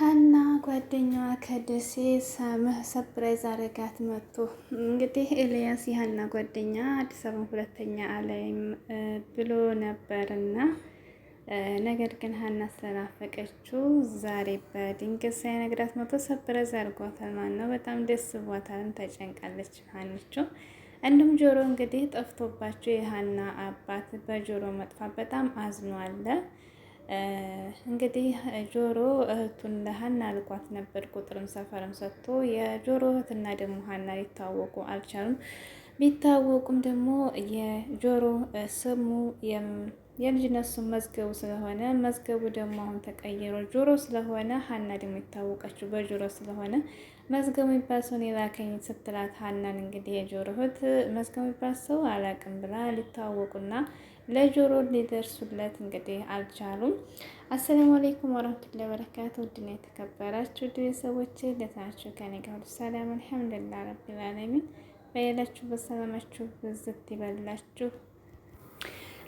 ሀና ጓደኛዋ ከደሴ ሳምህ ሰፕራይዝ አረጋት መጥቶ እንግዲህ ኤልያስ የሀና ጓደኛ አዲስ አበባ ሁለተኛ አላይም ብሎ ነበርና ነገር ግን ሀና ስለናፈቀችው ዛሬ በድንገት ሳይነግራት መጥቶ ሰፕራይዝ አድርጓታል ማለት ነው። በጣም ደስ ብሏታልም ተጨንቃለች ሀንችው። እንዲሁም ጆሮ እንግዲህ ጠፍቶባቸው የሀና አባት በጆሮ መጥፋት በጣም አዝኗል። እንግዲህ ጆሮ እህቱን ለሀና ልኳት ነበር። ቁጥርም ሰፈርም ሰጥቶ የጆሮ እህትና ደግሞ ሀና ሊታወቁ አልቻሉም። ቢታወቁም ደግሞ የጆሮ ስሙ የልጅነት ስም መዝገቡ ስለሆነ መዝገቡ ደግሞ አሁን ተቀይሮ ጆሮ ስለሆነ ሀና ደግሞ የታወቀችው በጆሮ ስለሆነ መዝገቡ የሚባል ሰውን የላከኝ ስትላት ሀናን እንግዲህ የጆሮ እህት መዝገቡ የሚባል ሰው አላቅም ብላ ሊታወቁና ለጆሮ ሊደርሱለት እንግዲህ አልቻሉም። አሰላሙ አሌይኩም ወረህመቱላሂ ወበረካቱ ውድና የተከበራችሁ ቤተሰቦች ለታችሁ ከኔ ጋር ሁሉ ሰላም አልሐምዱሊላህ ረቢል ዓለሚን በሌላችሁበት ሰላማችሁ ብዝት ይበላችሁ።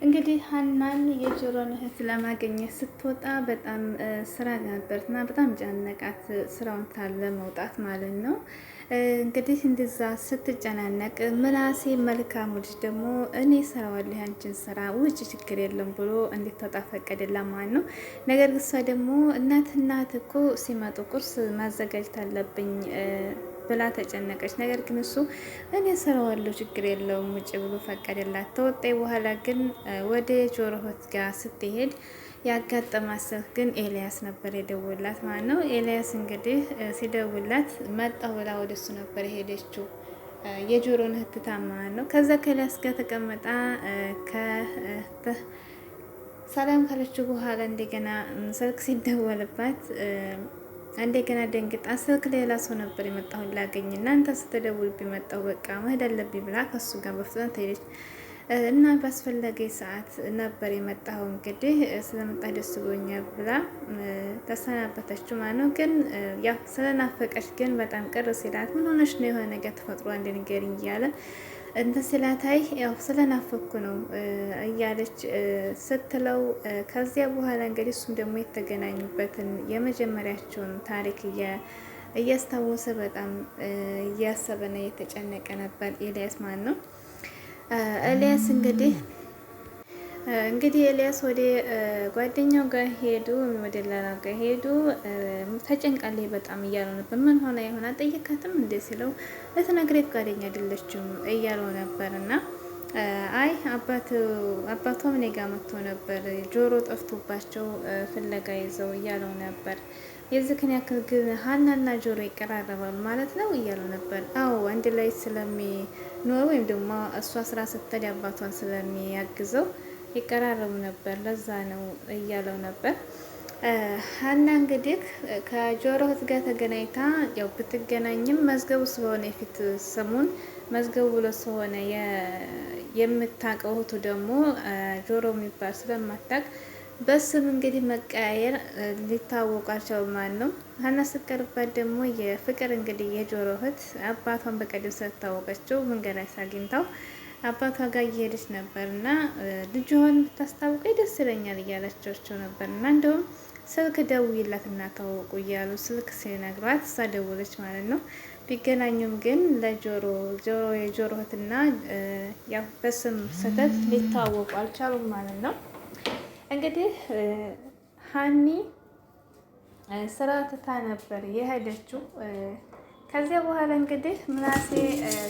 እንግዲህ ሀናን የጆሮን እህት ለማገኘት ስትወጣ በጣም ስራ ነበርና በጣም ጨነቃት፣ ስራውን ታለ መውጣት ማለት ነው። እንግዲህ እንደዛ ስትጨናነቅ ምላሴ መልካም ልጅ ደግሞ እኔ ሰራዋለሁ ያንችን ስራ ውጭ ችግር የለም ብሎ እንድትወጣ ፈቀደላ ማለት ነው። ነገር ግሷ ደግሞ እናት እናት እኮ ሲመጡ ቁርስ ማዘጋጀት አለብኝ ብላ ተጨነቀች። ነገር ግን እሱ እኔ ሰራዋለሁ ችግር የለውም ውጭ ብሎ ፈቀደላት። ተወጣ በኋላ ግን ወደ ጆሮ ጋር ስትሄድ ያጋጠማት ስልክ ግን ኤልያስ ነበር የደወላት ማለት ነው። ኤልያስ እንግዲህ ሲደውላት መጣሁ ብላ ወደ እሱ ነበር የሄደችው የጆሮ ንህትታ ማለት ነው። ከዛ ከኤልያስ ጋር ተቀመጣ ሰላም ካለችው በኋላ እንደገና ስልክ ሲደወልባት እንደገና ደንግጣ ስልክ ሌላ ሰው ነበር የመጣሁን ላገኝ እናንተ ስትደውል መጣሁ በቃ መሄድ አለብኝ ብላ ከሱ ጋር በፍጥነት ሄደች እና በአስፈላጊ ሰዓት ነበር የመጣው እንግዲህ ስለመጣ ደስ ብሎኛል ብላ ተሰናበተችው ማለት ነው። ግን ያው ስለናፈቀች ግን በጣም ቅር ሲላት ምን ሆነሽ ነው የሆነ ነገር ተፈጥሮ አንድ ንገሪኝ እያለ እንትን ስላታይ ያው ስለናፈኩ ነው እያለች ስትለው፣ ከዚያ በኋላ እንግዲህ እሱም ደግሞ የተገናኙበትን የመጀመሪያቸውን ታሪክ እያስታወሰ በጣም እያሰበና እየተጨነቀ ነበር ኤልያስ ማን ነው ኤልያስ እንግዲህ እንግዲህ ኤልያስ ወደ ጓደኛው ጋር ሄዱ፣ ወደ ላላ ጋር ሄዱ። ተጨንቃለች በጣም እያለው ነበር። ምን ሆነ የሆነ ጠየካትም እንዴ ሲለው እትነግሬ ፍቃደኛ አይደለችም እያለው ነበር። እና አይ አባቷም እኔ ጋር መጥቶ ነበር፣ ጆሮ ጠፍቶባቸው ፍለጋ ይዘው እያለው ነበር። የዚህን ያክል ግን ሀናና ጆሮ ይቀራረባሉ ማለት ነው እያለው ነበር። አዎ አንድ ላይ ስለሚኖር ወይም ደግሞ እሷ ስራ ስትል አባቷን ስለሚያግዘው ይቀራረቡ ነበር። ለዛ ነው እያለው ነበር። ሀና እንግዲህ ከጆሮህት ጋር ተገናኝታ ያው ብትገናኝም መዝገቡ ስለሆነ የፊት ስሙን መዝገቡ ብሎ ስለሆነ የምታውቀው እህቱ ደግሞ ጆሮ የሚባል ስለማታውቅ በስም እንግዲህ መቀያየር ሊታወቋቸው ማን ነው ሀና ስትቀርባት ደግሞ የፍቅር እንግዲህ የጆሮ እህት አባቷን በቀደም ስለታወቀችው መንገድ ላይ አባቷ ጋር እየሄደች ነበር እና ልጅሆን ብታስታውቀኝ ደስ ይለኛል እያለቻቸው ነበር እና እንዲሁም ስልክ ደውይላት እና ታወቁ እያሉ ስልክ ሲነግሯት እሷ ደውለች ማለት ነው። ቢገናኙም ግን ለጆሮ ጆሮ የጆሮትና ያው በስም ስህተት ሊታወቁ አልቻሉም ማለት ነው። እንግዲህ ሀኒ ስራ ትታ ነበር የሄደችው። ከዚያ በኋላ እንግዲህ ምናሴ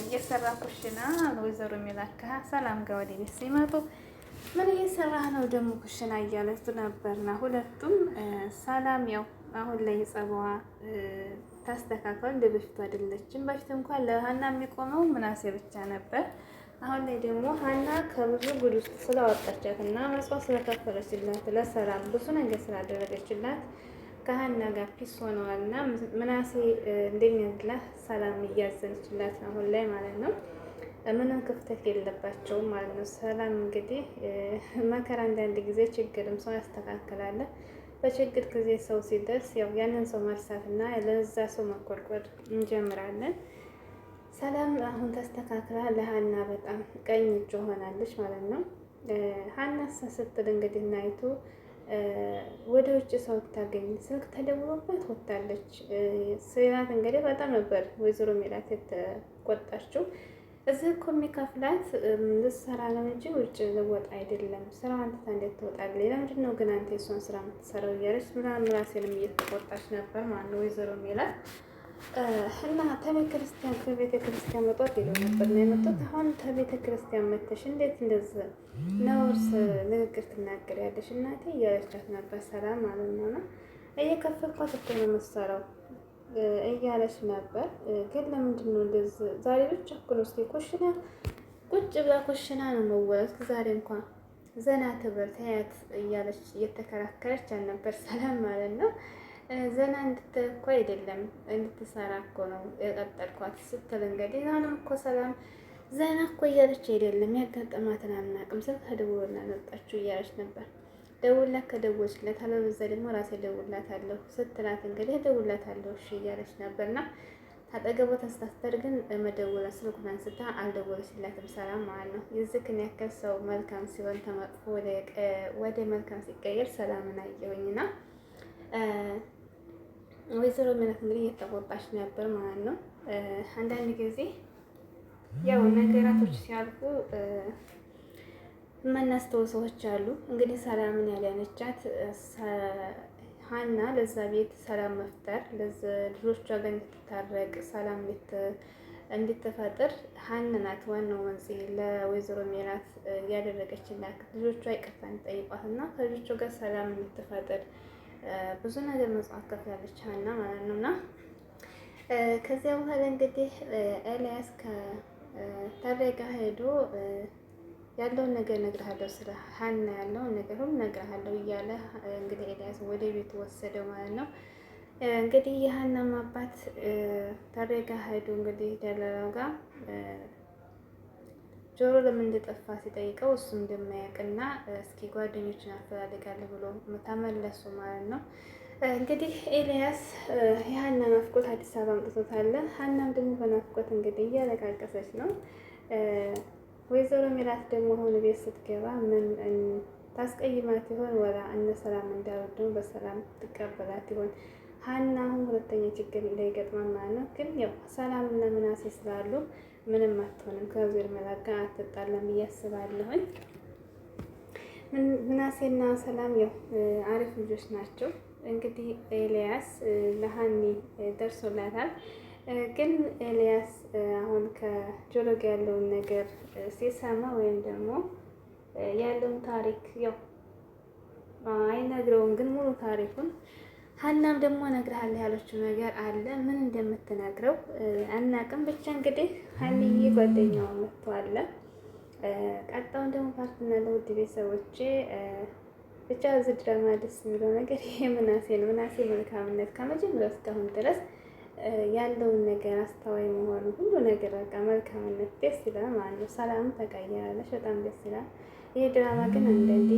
እየሰራ ኩሽና ወይዘሮ የሚላካ ሰላም ጋር ወደ ቤት ሲመጡ ምን እየሰራ ነው ደግሞ ኩሽና እያለቱ ነበርና ሁለቱም ሰላም ያው አሁን ላይ ጸባዋ ታስተካክሏል። እንደ በፊቱ አይደለችም። በፊት እንኳን ለሀና የሚቆመው ምናሴ ብቻ ነበር። አሁን ላይ ደግሞ ሀና ከብዙ ጉድ ውስጥ ስለወጣቻት እና መስዋዕት ስለከፈለችላት ለሰላም ብዙ ነገር ስላደረገችላት ከሀና ጋር ፒስ ሆነዋል እና ምናሴ እንደሚያዝላት ሰላም እያዘነችላት አሁን ላይ ማለት ነው። ምንም ክፍተት የለባቸውም ማለት ነው። ሰላም እንግዲህ መከራ አንዳንድ ጊዜ ችግርም ሰው ያስተካክላል። በችግር ጊዜ ሰው ሲደርስ ያው ያንን ሰው መርሳት መርሳትና ለዛ ሰው መቆርቆር እንጀምራለን። ሰላም አሁን ተስተካክላ ለሀና በጣም ቀኝ እጅ ሆናለች ማለት ነው። ሀና ስትል እንግዲህ ናይቱ ወደ ውጭ ሰው ብታገኝ ስልክ ተደውሎበት ወጥታለች ስላት እንግዲህ በጣም ነበር ወይዘሮ ሜላት የተቆጣችው። እዚህ እኮ የሚከፍላት ልትሰራ ነው እንጂ ውጭ ልወጣ አይደለም። ስራ ትታ እንዴት ትወጣለች? ለምንድን ነው ግን አንተ የሷን ስራ የምትሰራው? እያለች ምናምን ራሴንም እየተቆጣች ነበር። ነው ወይዘሮ ሜላት እና ተቤተክርስቲያን ከቤተክርስቲያን መጧት ይለው ነበር ነው የመጡት። አሁን ተቤተክርስቲያን መተሽ እንዴት እንደዚህ ነውርስ ንግግር ትናገሪያለሽ እናቴ እያለቻት ነበር። ሰላም ማለት ነው እና እየከፈልኳት እኮ ነው መሰለው እያለች ነበር። ግን ለምንድን ነው እንደዚህ ዛሬ ብቻ እኮ ነው እስኪ ቁጭ ብላ ኩሽና ነው መወረት ዛሬ እንኳን ዘና ትበል ተያት እያለች እየተከራከረች አልነበር ሰላም ማለት ነው ዘና እንድትል እኮ አይደለም እንድትሰራ እኮ ነው የቀጠልኳት ስትል እንግዲህ አሁንም እኮ ሰላም ዘና እኮ እያለች አይደለም ያጋጠማትን አናውቅም ስልክ ከደውሎና መጣችሁ እያለች ነበር። ደውላ ከደወለችለት አለበዛ ደግሞ ራሴ ደውላታለሁ ስትላት እንግዲህ ደውላታለሁ እሺ እያለች ነበርና አጠገቧ ተስታስተር ግን መደወል ስልኩን አንስታ አልደወለችላትም ሰላም ማለት ነው። የዚህን ያክል ሰው መልካም ሲሆን ተመጥፎ ወደ መልካም ሲቀየር ሰላምን አየሁኝና ወይዘሮ ሜላት እንግዲህ እየተቆጣች ነበር ማለት ነው። አንዳንድ ጊዜ ያው ነገራቶች ሲያልቁ የማናስተው ሰዎች አሉ። እንግዲህ ሰላምን ያልያነቻት ሀና ለዛ ቤት ሰላም መፍጠር ልጆቿ ጋር እንድትታረቅ ሰላም እንድትፈጥር ሀና ናት ዋናው መንስኤ ለወይዘሮ ሜላት ያደረገችላት ልጆቿ ይቅርታ እንዲጠይቋት እና ከልጆቿ ጋር ሰላም እንድትፈጥር ብዙ ነገር መጽሐፍ ከፍላለች ሀና ማለት ነው እና ከዚያ በኋላ እንግዲህ ኤልያስ ከታዲያ ሄዶ ያለውን ነገር እነግርሃለሁ፣ ስለ ሀና ያለውን ነገር ሁሉ እነግርሃለሁ እያለ እንግዲህ ኤልያስ ወደ ቤት ወሰደው ማለት ነው። እንግዲህ የሀናም አባት ታዲያ ሄዶ እንግዲህ ደላላው ጋር ጆሮ ለምን እንደጠፋ ሲጠይቀው እሱ እንደማያውቅና እስኪ ጓደኞችን አፈላልጋለሁ ብሎ ተመለሱ ማለት ነው። እንግዲህ ኤልያስ የሀና ናፍቆት አዲስ አበባ አምጥቶታል። ሀናም ደግሞ በናፍቆት እንግዲህ እያለቃቀሰች ነው። ወይዘሮ ሜላት ደግሞ አሁን ቤት ስትገባ ምን ታስቀይማት ይሆን? ወላ እነ ሰላም እንዳሉ ደግሞ በሰላም ትቀበላት ይሆን? ሀና አሁን ሁለተኛ ችግር እንዳይገጥማን ማለት ነው። ግን ያው እና ምናሴ ስላሉ ምንም አትሆንም። ከዙር መላጋ አትጣለም ብዬ አስባለሁኝ። ምናሴና ሰላም ያው አሪፍ ልጆች ናቸው። እንግዲህ ኤልያስ ለሀኒ ደርሶላታል። ግን ኤልያስ አሁን ከጆሮ ጋ ያለውን ነገር ሲሰማ ወይም ደግሞ ያለውን ታሪክ ያው አይነግረውም፣ ግን ሙሉ ታሪኩን ሀናም ደግሞ እነግርሃለሁ ያለችው ነገር አለ። ምን እንደምትነግረው አናውቅም። ብቻ እንግዲህ ሀኒዬ ጓደኛዋ መጥቷል። ቀጣውን ደግሞ ፓርትና ለውድ ቤተሰቦቼ ብቻ እዚህ ድራማ ደስ የሚለው ነገር ይሄ ምናሴ ነው። ምናሴ መልካምነት ከመጀመሪያው እስካሁን ድረስ ያለውን ነገር አስተዋይ መሆኑ ሁሉ ነገር በቃ መልካምነት ደስ ይላል ማለት ነው። ሰላም ተቀይራለች፣ በጣም ደስ ይላል። ይህ ድራማ ግን አንዳንዴ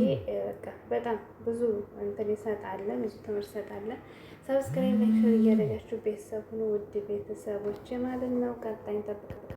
በቃ በጣም ብዙ እንትን ይሰጣለን፣ ብዙ ትምህርት ይሰጣለን። ሰብስክራይብ ላይክ እያደረጋችሁ ቤተሰብ ሁኑ፣ ውድ ቤተሰቦች ማለት ነው። ቀጣይ ጠብቅ